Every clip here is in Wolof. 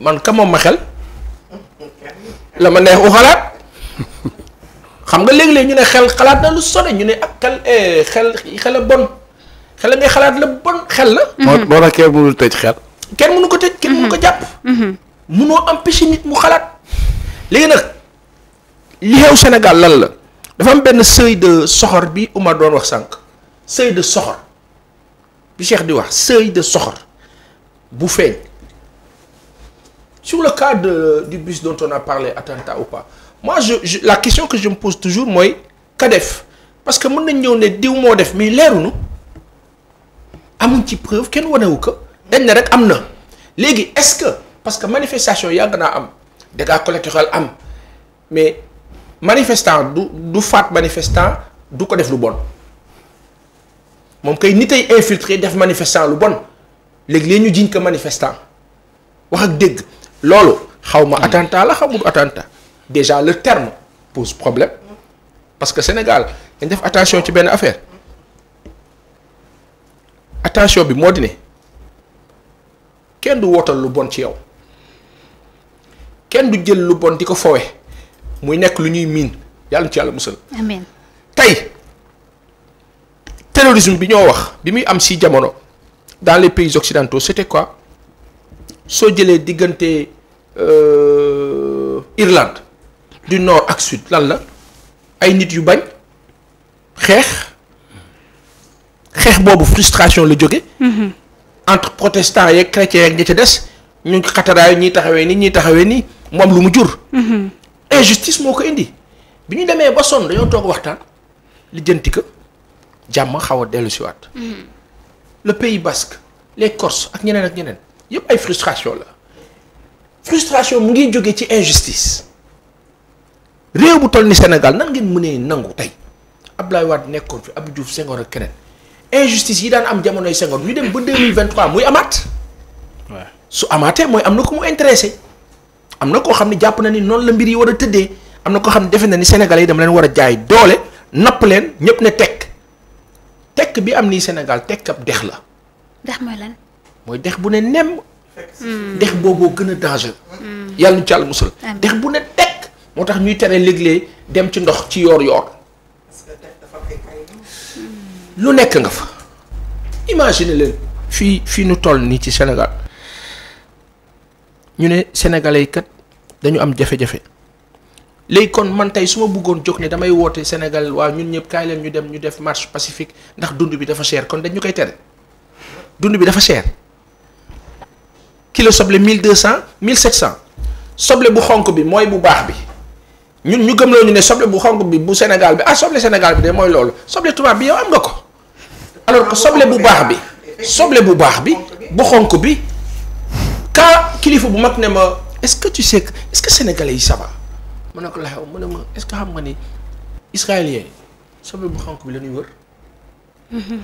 man ka moom ma xel la ma neex u xalaat xam nga léeg-léeg ñu ne xel xalaat na lu sone ñu ne ak xel eh, xel xel bon xel ngay xalaat la bon xel la. moo moo tax tëj xel. kenn mënu ko tëj. kenn mënu ko mm-hmm. jàpp. mënoo mm-hmm. am nit mu xalaat. léegi nag li xew Sénégal lan la dafa am benn seuil de soxor bi Oumar doon wax sànq seuil de soxor bi Cheikh di wax seuil de soxor bu feeñ. sur le cas de, du bus dont on a parlé attentat ou pas moi je, la question que je me pose toujours mooy ka def parce que mën nañ ñëw ne diw moo def mais leerunu amuñ ci preuve kenn wanewu ko dañ ne rek am na léegi est-ce que parce que manifestation yàgg naa am dégâts collatéraux am mais manifestant du du faat manifestant du ko def lu bon moom kay nit ay infiltré def manifestant lu bon léegi léegi ñu jiñ ko manifestant wax ak dégg loolu xaw ma hmm. attentat la xamul attentat déjà le terme pose problème parce que Sénégal dañ def attention ci benn affaire attention bi moo di kenn du wootal lu bon ci yow kenn du jël lu bon di ko fowe muy nekk lu ñuy miin yàlla ci yàlla musal. amiin tey terrorisme bi ñoo wax bi muy am si jamono dans les pays occidentaux c'était quoi soo jëlee diggante. Euh, Irlande du nord ak sud lan la ay nit yu bañ xeex xeex boobu frustration la jóge mm-hmm. entre protestants yeeg chrétiens yeeg ñi ci des ñu xataraayu ñiy taxawee nii ñiy taxawee nii moom am lu mu jur. Mm-hmm. injustice moo ko indi bi ñu demee ba sonn dañoo toog waxtaan li jënti ko jàmm xaw a dellu siwaat mm-hmm. le Pays basque les Corses ak ñeneen ak ñeneen yëpp ay frustration la. frustration mu ngi jóge ci injustice réew bu toll ni Sénégal nan ngeen mënee nangu tey Abdoulaye Wade nekkoon fi Abdou Diouf Senghor ak keneen injustice yi daan am jamonoy Senghor ñu dem ba 2023 muy amaat. su amaatee mooy am na ko mu intéressé am na koo xam ne jàpp na ni noonu la mbir yi war a tëddee am na koo xam ne defe na ni Sénégalais yi dama leen war a jaay doole napp leen ñëpp ne tekk tekk bi am nii Sénégal tekk ab dex la. dex mooy lan. mooy dex bu ne nem ndex booboo gën a danger. Hmm. yàlla nu ci musal. dex bu ne tekk moo tax ñuy tere léeg dem ci ndox ci yoor-yoor. Hmm. lu nekk nga fa. imagine leen fii fii nu toll nii ci senegal ñu ne sénégalais kat dañu am jafe-jafe léegi kon man tey su ma bëggoon jóg ne damay woote Sénégal waaw ñun ñëpp kaay leen ñu dem ñu def marche pacifique ndax dund bi dafa cher kon dañ ñu koy tere dund bi dafa cher. kilo soble mille deux cent mille sept cent soble bu xonk bi mooy bu baax bi ñun ñu gëmloo ñu ne soble bu xonk bi bu Sénégal bi ah soble Sénégal bi de mooy loolu soble tubaab bi yow am nga ko alors que soble bu baax bi soble bu baax bi bu xonk bi ka kilifa bu mag ne ma est-ce que tu sais que est-ce que sénégalais yi ça va ma ne ko laxew mu ne ma est-ce que xam nga ni israélien soble bu xonk bi la ñuy wër mhm.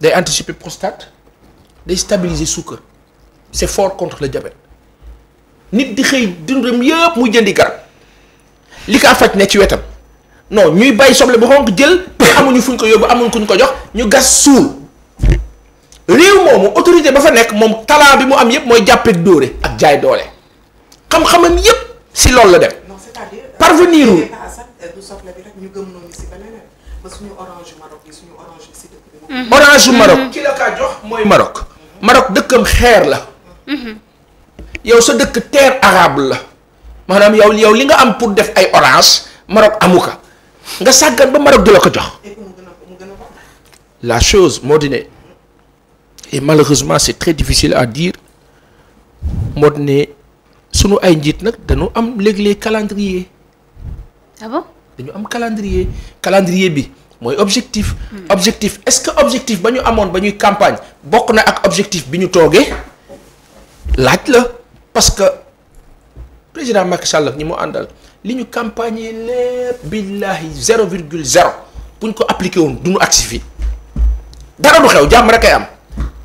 day anticiper prostate day stabiliser suukar c'est fort contre le diabète nit di xëy dundam yëpp muy jëndi garab li kaa faj ne ci wetam non ñuy bay soble bu xonq jël te amuñu fuñ ko yóbbu amuñ kuñ ko jox ñu gas suul réew moomu autorité ba fa nekk moom talent bi mu am yëpp mooy jàppee dóore ak jaay doole xam-xamam yëpp si loolu la dem. non c'est-à-dire euh, parvenir wul euh, mhm. orange Maroc. ki la kaa jox mooy Maroc. Maroc dëkkam xeer la. Mm-hmm. yow sa dëkk terre arable la maanaam yow yow li nga am pour def ay orange ma amu ko nga sàggan ba Maroc du la ko jox la chose moo di ne et malheureusement c'est très difficile à dire moo di ne sunu ay njiit nag dañu am léglé léeg calendrier. ah bon dañu am calendrier calendrier bi mooy objectif. Hmm. objectif est-ce que objectif ba ñu amoon ba ñuy campagne bokk na ak objectif bi ñu toogee. laaj la parce que président Macky Sall ñi mu àndal li ñu campagne lépp billahi zéro virgule zéro bu ñu ko appliqué woon du ñu agsi fii dara du xew jàmm rek ay am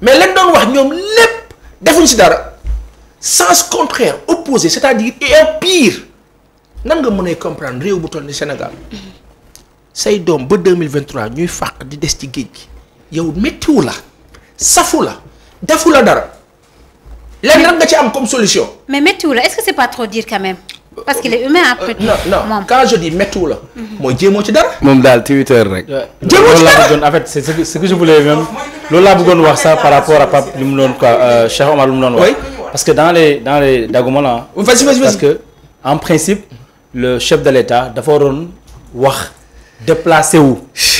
mais leen doon wax ñoom lépp defuñ si dara sens contraire opposé c'est-à-dire et pire nan nga mën a comprendre réew bu toll ni Sénégal say doom ba 2023 ñuy fàq di des ci géej gi yow méttiwu la safu la defu la dara lenn rek nga ci am comme solution. mais méttiwu la est-ce que c'est pas trop dire quand même. parce qu'il est humain après tout. Euh, non quand je dis méttiwu la. mooy ci dara. moom daal Twitter rek. jéemoo ci dara loolu laa bëggoon wax sax par rapport à Pape li mu doon quoi euh, Cheikh Omar lu mu doon parce que dans les dans les daguma la vas-y vas que en principe le chef de l'État dafa waroon wax. déplacé wu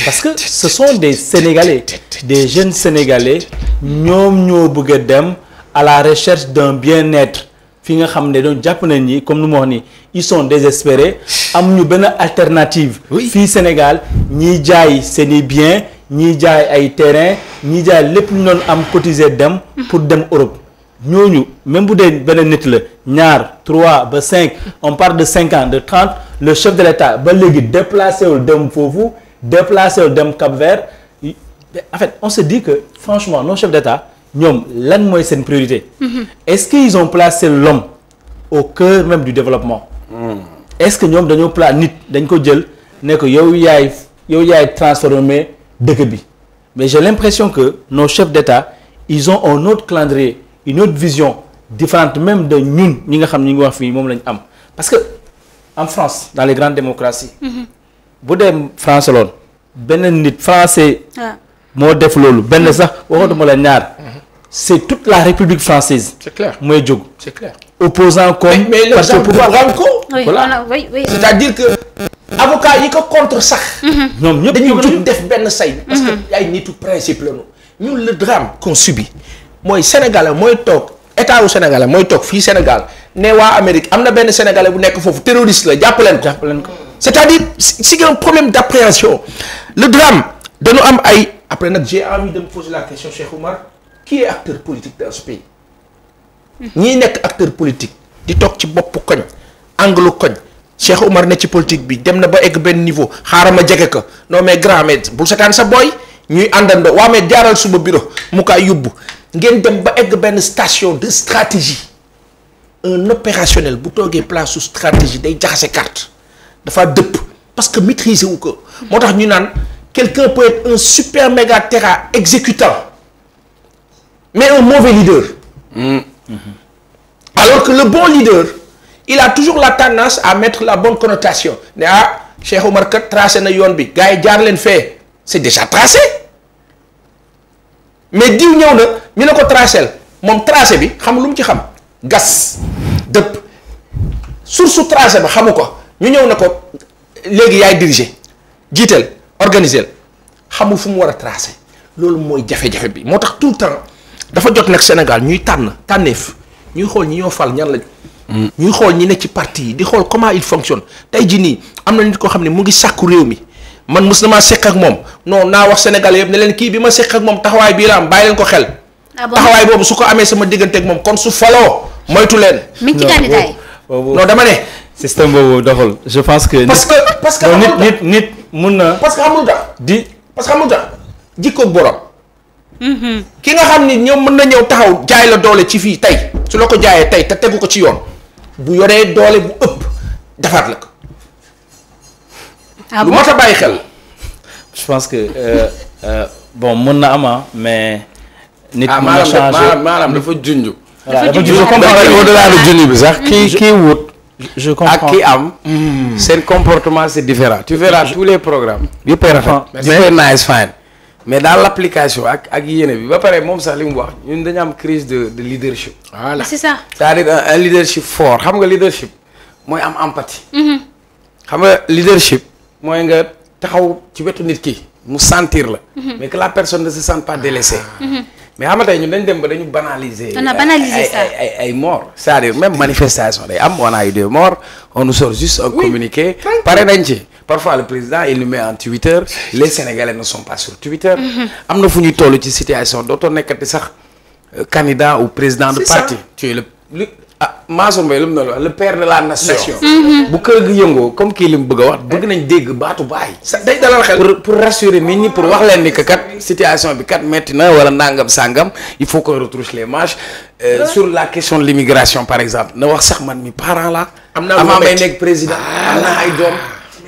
parce que ce sont des Sénégalais des jeunes Sénégalais ñoom ñoo bëgg dem. à la recherche d'un bien-être fi nga xam ne donc jàpp nañ ni comme nu ma wax nii ils sont désespérés am ñu benn alternative fi Sénégal ñiy jaay seen bien ñiy jaay ay terrain ñi jaay lépp ñu doon am cotiser dem pour dem Europe ñu même bu dee benn nit la ñaar trois ba cinq on parle de cinq ans de trente le chef de l'État ba léegi déplacé wul dem foofu déplacé wul dem Cap-Vert en fait on se dit que franchement nos chefs d'État ñoom lan mooy seen priorité. Mm-hmm. est-ce que ils ont placé l'homme au cœur même du développement. Mm. est-ce que ñoom dañoo pla nit dañ ko jël ne ko yow yaay yow yaay transformé dëkk bi mais j'ai l'impression que nos chefs d'État ils ont un autre calendrier une autre vision différente même de ñun ñi nga xam ñi ngi wax fii moom lañu am parce que en France dans les grandes démocraties. Mm-hmm. bu dee France loon benn nit français. Ah. moo def loolu benn sax waxatuma la ñaar. c'est tout la République française. c'est clair mooy jóg. c'est clair opposant comme. mais mais parce que pouvoir Branco. oui voilà oui c'est-à-dire que. avocat yi ko contre sax. Mhm. ñoom ñëpp dañuy jug def benn say. parce que mhm. ay nitu principe lañu ñun le drame qu'on subit mooy sénégalais mooy toog état wu sénégalais mooy toog fii Sénégal ne waa Amérique am na benn sénégalais bu nekk foofu terroriste la jàpp leen ko. c'est-à-dire c'est un problème d'appréhension le drame dañu am ay après nag j'ai envie la question qui est acteur politique dans ce ñii nekk acteur politique di toog ci bopp koñ anglu koñ Cheikh Oumar ne ci politique bi dem na ba egg benn niveau xaaral ma jege ko non mais grand mais bul setaan sa booy ñuy àndandoo waa mais jaaral suba bureau mu kaa yóbbu ngeen dem ba egg benn station de stratégie un opérationnel bu toogee place su stratégie day jaxase carte dafa dëpp parce que maîtriser wu ko. moo tax ñu naan quelqu'un peut être un super méga mais un mauvais leader. Mm. Mm-hmm. Alors que le bon leader, il a toujours la tendance à mettre la bonne connotation. Ne ah Cheikh Omar Kat tracé na yoon bi gars yi jaar leen fee c'est déjà tracé mais diw ñëw na ñu ne ko tracel moom tracé bi xam lu mu ci xam gas dëpp source tracé ba xamu ko ñu ñëw na ko léegi yaay diriger jiital organiser xamul fu mu war a tracé loolu mooy jafe-jafe bi moo tax tout le temps. dafa jot nag Sénégal ñuy tànn tànneef ñuy xool ñi ñoo fal ñan la ñuy xool ñi ne ci parti yi di xool comment il fonctionne tey jii nii am na nit koo xam ne mu ngi sàkku réew mi man mos na maa seq ak moom non naa wax sénégal yëpp ne leen kii bi ma seq ak moom taxawaay bii laa ma bàyyi leen ko xel. Ah taxawaay boobu su ko amee sama diggante ak moom kon su faloo moytu leen. mi ngi ci candidat yi non dama ne. je pense que. parce parce que nit nit nit mun na. parce que amul da di parce que amul da borom. Mm-hmm. ki nga xam ni ñoom mën na ñëw taxaw jaay la doole ci fii tey su la ko jaayee tey te tegu ko ci yoon bu yoree doole bu ëpp defaat la ko. Ah lu moo tax bàyyi xel. je pense que euh, euh bon mën na ama mais. nit ah, mën na changé maanaam dafa junj. dafa la au delà bi sax kii kii wut. je comprends ak ki am. Hmm. seen comportement c'est différent. tu verras tous les programmes. yëpp ay rafet. mais nice fine. mais daal l' application ak ak yéene bi ba pare moom sax li mu wax ñun dañu am crise de de leadership. voilà c'est ça. c'est-à-dire un leadership fort xam nga leadership mooy am empathie. Mm-hmm. xam nga leadership mooy nga taxaw ci wetu nit ki mu sentir la. Mm-hmm. mais que la personne ne se sente pas ah. délaissée. Mm-hmm. mais xam nga tey ñun dañ dem ba dañu banaliser. on a banalisé ça ay ay ay dire même manifestation day am on a eu des morts on nous sort juste un communiqué. pare nañ ci. parfois le président il nous met en Twitter les Sénégalais ne sont pas sur Twitter. am na fu ñuy toll ci situation dootoo nekkati sax euh, candidat ou président de parti. tu es le lu ah Mansour Mbaye lu mu ne le père la nation. Mm-hmm. bu kër gi yëngoo comme kii li mu bëgg a wax bëgg nañ dégg baatu baay. day dalal pour pour rassurer nit ñi pour wax leen ni que kat situation bi kat metti na wala nangam sangam il faut qu'on retrousse les manches euh, sur la question de l'immigration par exemple na wax sax man mi parent la am naa may président ay doom.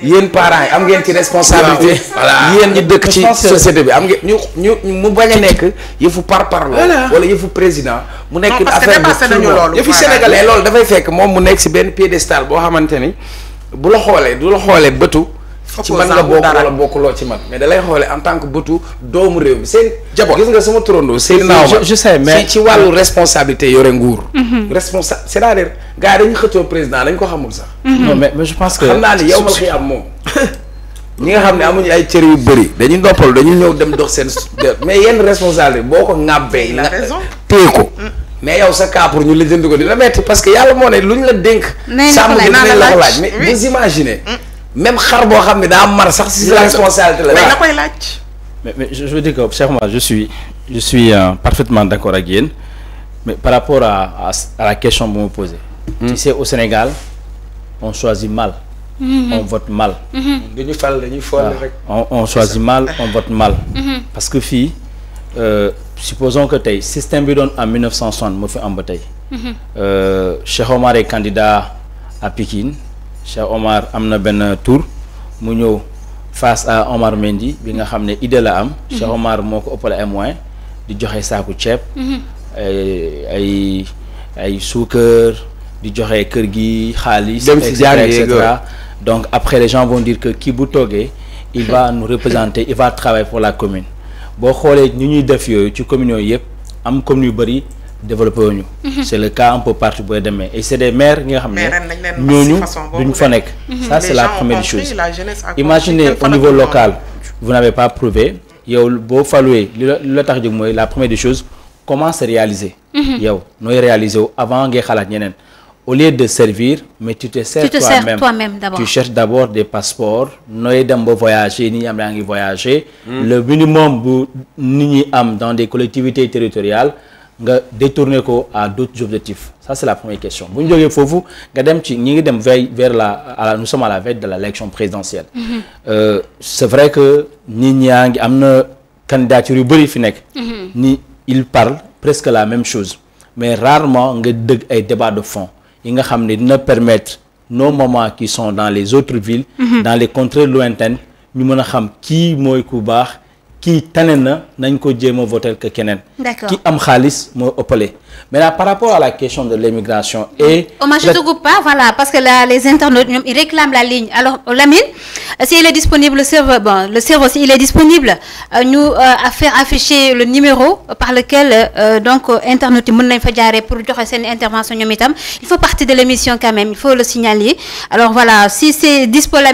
yéen parent yi am ngeen ci responsabilité. yéen ñi dëkk ci société bi am ngeen ñu ñu mu bañ a nekk yëfu par par parlo wala yëfu président. mu nekk affaire bi yëfu sénégalais loolu dafay fekk moom mu nekk si benn piédestal boo xamante ni bu la xoolee du la xoolee bëtu. ci man la bokk wala bokkuloo ci man mais da lay xoolee en tant que bëtu doomu réew mi seen jaboot gis nga sama turandoo seen naaw je sais mm-hmm. mm-hmm. yi dañu xëccoo président dañ ko xamul sax mm-hmm. xam naa ni yow mal xi am moom ñi nga xam ne amuñu ay cër yu bëri dañuy noppal dañu ñëw dem dox seen mais yenn responsabilité boo ko ŋàbbee la téye ko mm. mais yow sa cas pour ñu lijjanti ko dina metti parce que yàlla moo ne lu ñu la dénk sàmm gi dinañ la laaj mais vous même xar boo xam ne daa mar sax si sa responsabilité la. mais na koy laaj. mais je veux dire que Cheikh Omar je suis je suis euh, d' accord ak yéen par rapport à à, la question bu ma posé. Mmh. au Sénégal on choisit mal. Mmh. on vote mal. Mm-hmm. dañuy fal dañuy folle rek. on on choisit mal on vote mal. Mm-hmm. parce que fii euh, supposons que tey système bi doon en 1960 moo fi am ba tey. Mm-hmm. Euh, Cheikh Omar est candidat à Pikine. Cheikh Omar am na benn tour mu ñëw face à Omar Mendy bi nga xam ne idée la am. Cheikh mhm. Omar moo ko ëppale ay moyens di joxe saaku ceeb. Mhm. ay ay suukar di joxe kër gi xaalis. dem si et cetera donc après les gens vont dire que kii bu toogee. il va nous représenter il va travailler pour la commune boo xoolee ñu ñuy def yooyu ci communes yooyu yëpp am commune yu bëri. développé wu ñu. Mhm. c' le cas un peu partout booy demee et c' est des maires nga xam ne ñooñu duñ fa nekk. Mhm. ça c' est la première chose imaginez au niveau local vous n'avez pas prouvé boo faluwee li la li la tax jóg mooy la première des choses comment se réaliser. Mhm. yow nooy réaliser wu avant ngay xalaat ñeneen au lieu de servir mais tu te sers toi-même toi tu cherches d'abord des passeports nooy dem ba voyager ni ñi am daa ngi voyager. Mm. le minimum bu nit am dans des collectivités territoriale nga détourner ko à d'autres objectifs ça c'est la première question bu ñu jógee foofu nga dem ci ñi ngi dem veille vers la à la à la veille de l'élection présidentielle mm-hmm. euh, c'est vrai que nit ñaa ngi am na candidature yu bëri fi nekk mm-hmm. ni il parle presque la même chose mais rarement nga dëgg ay débat de fond i nga xam ni dina permettre nos mamans qui sont dans les autres villes mm -hmm. dans les contrées lointaines ñu mën a xam kii mooy ku baax kii tane na nañ ko jéem a voter keneen. ki am xaalis moo ëppale. maintenant par rapport à la question de l'immigration et. on oh, ne pas voilà parce que là les internautes ñoom ils la ligne alors Lamine si il est disponible le serveur si il est disponible ñu euh, euh faire afficher le numéro par lequel euh, donc euh, internautes yi mën nañ fa jaaree pour joxe seen intervention ñoom il faut partie de l'émission quand même il faut le signaler alors voilà